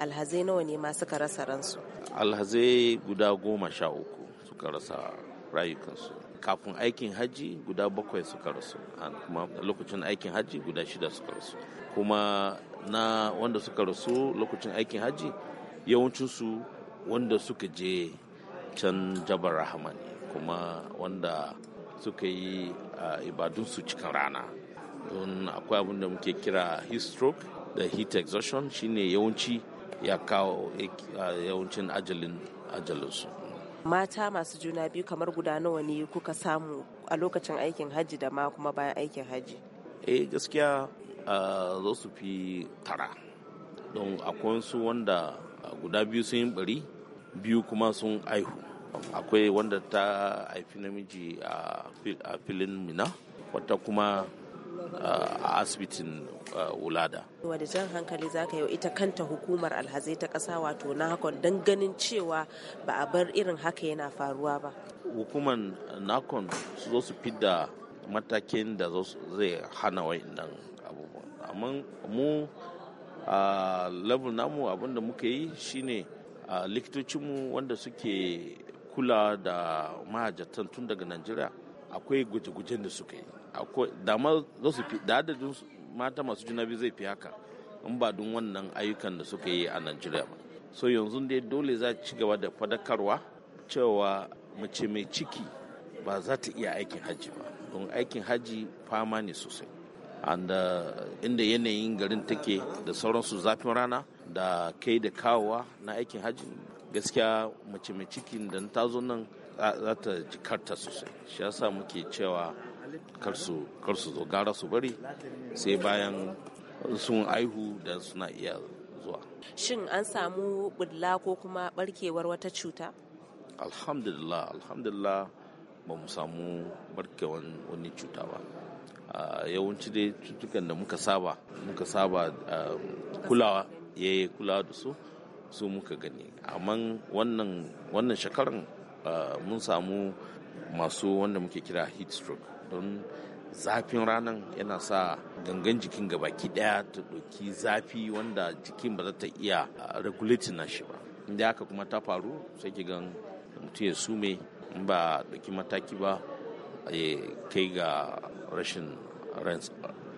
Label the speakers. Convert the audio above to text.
Speaker 1: alhazai nawa ne ma suka rasa ransu
Speaker 2: alhazai guda goma sha uku suka rasa rayukansu kafin aikin hajji guda bakwai suka rasu kuma lokacin aikin hajji guda shida suka rasu kuma na wanda suka rasu lokacin aikin hajji yawancinsu wanda suka je can jabar rahama ne kuma wanda suka yi ah, ibadunsu cikin rana don akwai abin da muke kira heat stroke da heat exhaustion shine yawanci ya kawo yawancin ajalin ajalinsu
Speaker 1: mata masu juna biyu kamar guda nawa ne kuka samu a lokacin aikin hajji da ma kuma bayan aikin hajji
Speaker 2: eh gaskiya za su fi tara don akwai su wanda guda biyu sun yi bari biyu kuma sun aihu akwai wanda ta haifi namiji a filin mina wata kuma a asibitin wulada.
Speaker 1: Uh, Wani jan hankali za ka yi ita kanta hukumar alhazai ta ƙasa wato nakon hakon don ganin cewa ba a bar irin haka yana faruwa ba.
Speaker 2: Hukumar nakon su zo su fidda matakin da zai hana nan abubuwan. Amma mu a uh, level namu abinda muka yi shine uh, likitocinmu wanda suke kula da mahajjatan tun daga Najeriya akwai guje-gujen da suka yi da za da adadin mata masu juna biyu zai fi haka in ba don wannan ayyukan da suka yi a najeriya ba so yanzu dai dole za ci gaba da fadakarwa cewa mace mai ciki ba za ta iya aikin hajji ba don aikin hajji fama ne sosai anda uh, inda yanayin garin take da sauransu zafin rana da kai da kawowa na aikin hajji gaskiya mace mai ciki da ta zo nan za ta jikarta sosai shi yasa muke cewa kar su zo gara su bari sai bayan sun aihu da suna iya zuwa
Speaker 1: shin an samu bulla ko kuma barkewar wata cuta
Speaker 2: alhamdulillah alhamdulillah ba mu samu barkewar wani cuta ba yawanci dai cutukan da muka saba muka saba kulawa ya yi kulawa da su su muka gani amma wannan shekaran mun samu masu wanda muke kira heat stroke don zafin ranar yana sa gangan jikin gabaki daya ta doki zafi wanda jikin ba za ta iya regulating na shi ba inda haka kuma ta faru sai ki gan mutum ya sume in ba ɗauki mataki ba kai ga rashin